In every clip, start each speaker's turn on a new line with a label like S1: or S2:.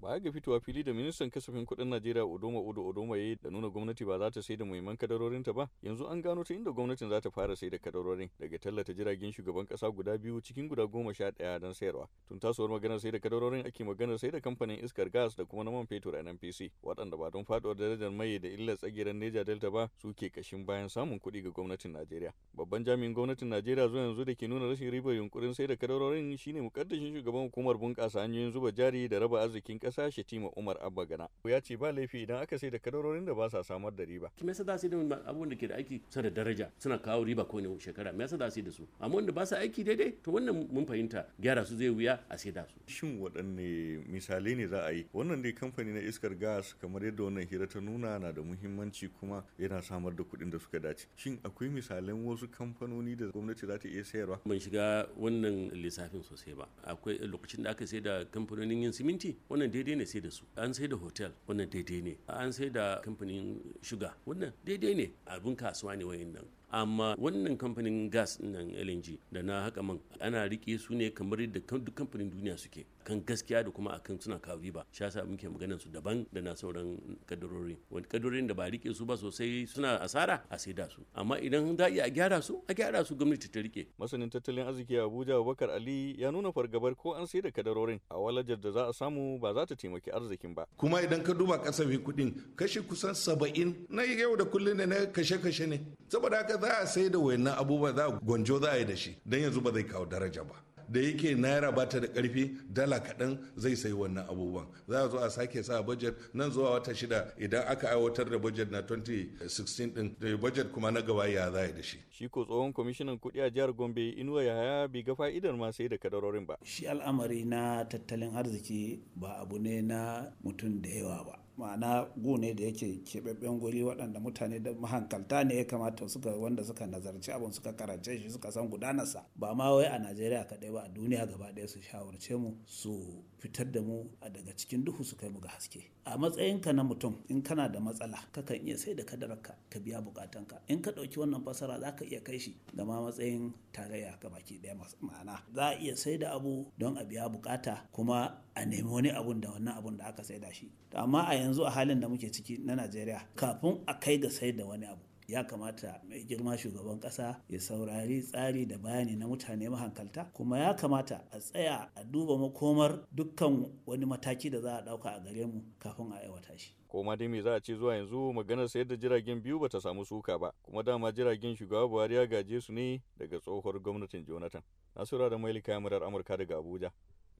S1: Baya ga fitowa fili da ministan kasafin kudin Najeriya Odoma Odo Odoma ya yi da nuna gwamnati ba za ta sai da muhimman ta ba, yanzu an gano ta inda gwamnatin za ta fara sai da kadarorin daga tallata jiragen shugaban kasa guda biyu cikin guda goma sha daya don sayarwa. Tun tasowar maganar sai da kadarorin ake maganar sai da kamfanin iskar gas da kuma na man fetur a NPC, waɗanda ba don faɗuwar darajar mai da illar tsagiran Neja Delta ba su ke kashin bayan samun kuɗi ga gwamnatin Najeriya. Babban jami'in gwamnatin Najeriya zuwa yanzu da ke nuna rashin ribar yunkurin sai da kadarorin shine mukaddashin shugaban hukumar bunƙasa hanyoyin zuba jari da raba arzikin
S2: shi tima Umar Abba Gana ya ce ba laifi idan aka sai da kadarorin da ba sa samar da riba. Me yasa za su da abubuwan da ke da aiki sa da daraja suna kawo riba ko ne shekara me yasa za su da su amma wanda ba sa aiki daidai to wannan mun fahimta gyara su zai wuya a sai da su. Shin waɗanne misalai ne za
S1: a yi wannan dai kamfani na iskar gas kamar yadda wannan hira ta nuna na da muhimmanci kuma yana samar da kuɗin da suka dace. Shin akwai
S2: misalan wasu kamfanoni da gwamnati za ta iya sayarwa? Ban shiga wannan lissafin sosai ba. Akwai lokacin da aka sai da kamfanonin yin siminti wannan daidai ne sai da su an sai da hotel wannan daidai ne an sai da kamfanin shuga wannan daidai ne abin kasuwa ne wayan nan amma wannan kamfanin gas nan LNG da na haka man ana rike su ne kamar yadda duk kamfanin duniya suke kan gaskiya da kuma akan suna kawo riba shi yasa muke maganar su daban da na sauran kadarori wani kadarorin da ba rike su ba sosai suna asara a sai da su amma idan za a gyara su a gyara su gwamnati ta rike masanin tattalin arziki
S1: Abuja Abubakar Ali ya nuna fargabar ko an sai da kadarorin a walajar da za a samu ba za ta taimaki arzikin ba
S3: kuma idan ka duba kasafin kuɗin kashi kusan saba'in na yau da kullum ne na kashe-kashe ne saboda haka za a sai da wayannan abubuwa za a gwanjo za a yi da shi don yanzu ba zai kawo daraja ba da yake naira ba ta da karfi dala kaɗan zai sayi wannan abubuwan za a zo a sake sa budget nan zuwa wata shida idan aka aiwatar da budget na 2016 din da budget kuma na gaba ya za da shi shi
S4: ko tsohon kwamishinan kuɗi
S3: a jihar gombe inuwa ya haya
S1: bai ga fa'idar ma sai da kadarorin ba shi al'amari
S4: na tattalin arziki ba abu ne na mutum da yawa ba ma'ana gu ne da yake keɓaɓɓen guri waɗanda mutane da mahankalta ne ya kamata suka wanda suka nazarci abin suka karance shi suka san gudanarsa ba ma wai a najeriya kaɗai ba a duniya gaba ɗaya su shawarce mu su fitar da mu a daga cikin duhu su kai mu ga haske a matsayinka na mutum in kana da matsala kakan iya sai da kadararka ka biya bukatanka in ka ɗauki wannan fasara za ka iya kai shi da ma matsayin tarayya ka baki ɗaya ma'ana za a iya sai da abu don a biya bukata kuma a nemi wani abun da wannan abun da aka sai da shi amma a yanzu a halin da muke ciki na najeriya kafin a kai ga sayar da wani abu ya kamata mai girma shugaban kasa ya saurari tsari da bayani na mutane mahankalta kuma ya kamata a tsaya a duba makomar dukkan wani mataki da za a dauka a gare mu kafin a aiwata shi
S1: koma dai me za a ce zuwa yanzu maganar sayar da jiragen biyu bata samu suka ba kuma dama jiragen shugaba buhari ya gaje su ne daga tsohuwar gwamnatin jonathan nasura da mailika murar amurka daga abuja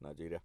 S1: najeriya